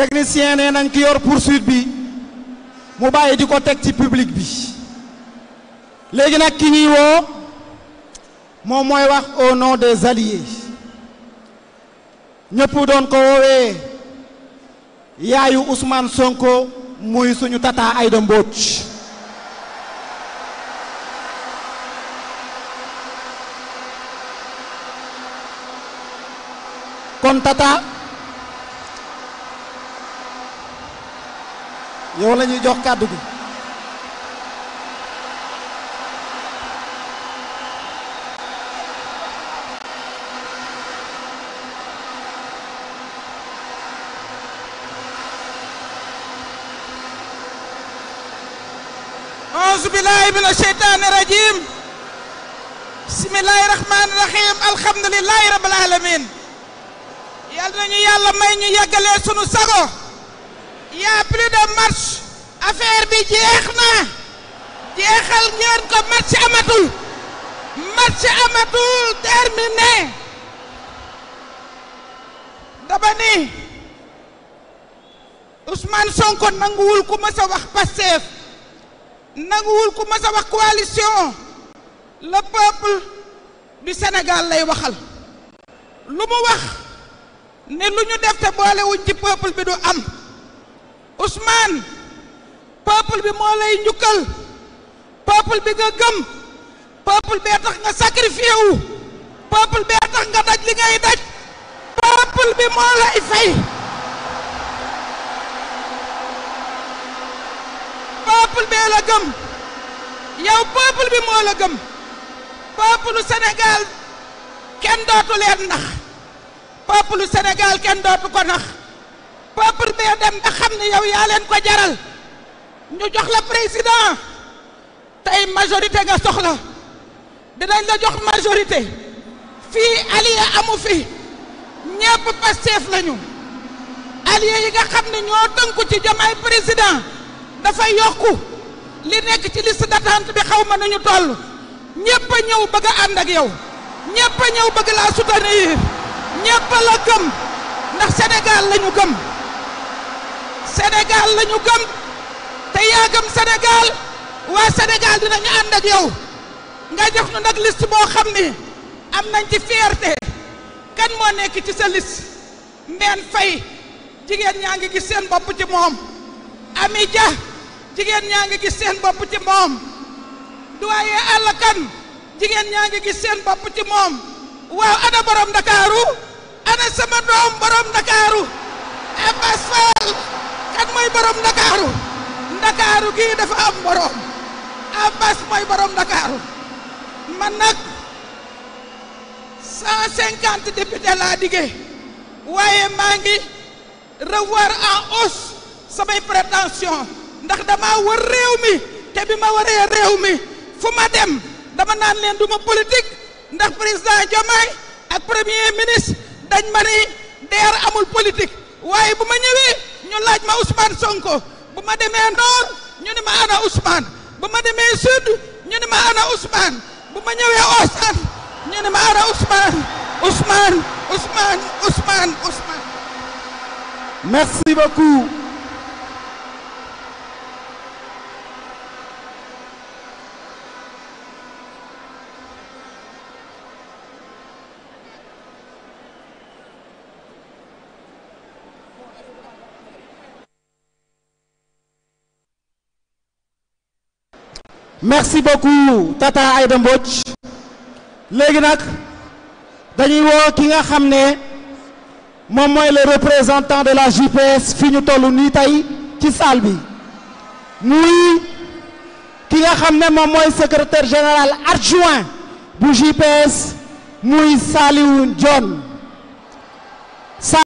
technicien nee et ki yor poursuite bi mu public bi légui nak ki ñi au nom des alliés ñëpp doon ko Ousmane Sonko muy suñu tata Aïda mbott tata yow la ñuy jox kàddu gi أعوذ بالله من الشيطان الرجيم بسم الله الرحمن الرحيم الحمد لله رب العالمين يالنا ني يالا ماي ني يغالي سونو ساغو y a plus de marche affaire bi jeex na jeexal ngeen ko marche amatul marche amatul terminé dama ni Ousmane Sonko nanguwul ku mës wax Pastef nanguwul ku mës wax coalition le peuple du Sénégal lay waxal lu mu wax ne lu ñu def boolewuñ ci peuple bi du am Ousmane peuple bi moo lay njukkal peuple bi nga gëm peuple bee tax nga sacrifié wu bee tax nga daj li ngay daj peuple bi moo lay fay peuple bee la gëm yow peuple bi moo la gëm peuple Sénégal kenn dootu leen nax peuple Sénégal kenn dootu ko nax peuple bi dem ba xam ne yow yaa leen ko jaral ñu jox la président tey majorité nga soxla dinañ la jox majorité fii allié amu fi ñépp Pastef lañu allié yi nga xam ne ñoo tënku ci jamaay président dafay yokku li nekk ci liste d'attente bi xaw ma nañu toll ñépp a ñëw bëgg ànd ak yow ñépp ñëw bëgg laa soutenir ñépp la gëm ndax Sénégal lañu gëm Sénégal lañu gëm te ya gëm Sénégal waa Sénégal ñu and ak yow nga jox ñu nak liste bo xamni am nañ ci fierté kan mo nekk ci sa liste men fay jigen ñangi ngi gis seen bop ci mom Ami ja jigen ñangi ngi gis seen bop ci mom doyen Alla kan jigen ñangi seen bop ci mom wa ana borom dakaru ana sama doom borom dakaru Abbas kan mooy borom ndakaaru ndakaaru gii dafa am borom Abbas mooy borom ndakaaru man nag cent laa diggee waaye maa ngi revoir en hausse samay prétention ndax dama war réew mi te bi ma waree réew mi fu ma dem dama naan leen duma politique ndax président Diomaye ak premier ministre dañ ma ni deer amul politique waaye bu ma ñëwee ñu laaj ma Ousmane Sonko bu ma demee Nord ñu ni ma ana Ousmane bu ma demee Sud ñu ni ma ana Ousmane bu ma ñëwee Ossan ñu ni ma ana Ousmane Ousmane Ousmane Ousmane Ousmane. merci beaucoup. merci beaucoup Tata Aydemboch. Mbodj léegi qui dañuy le représentant de la JPS fi qui toll Nous, qui ci secrétaire général adjoint la JPS nous Saliou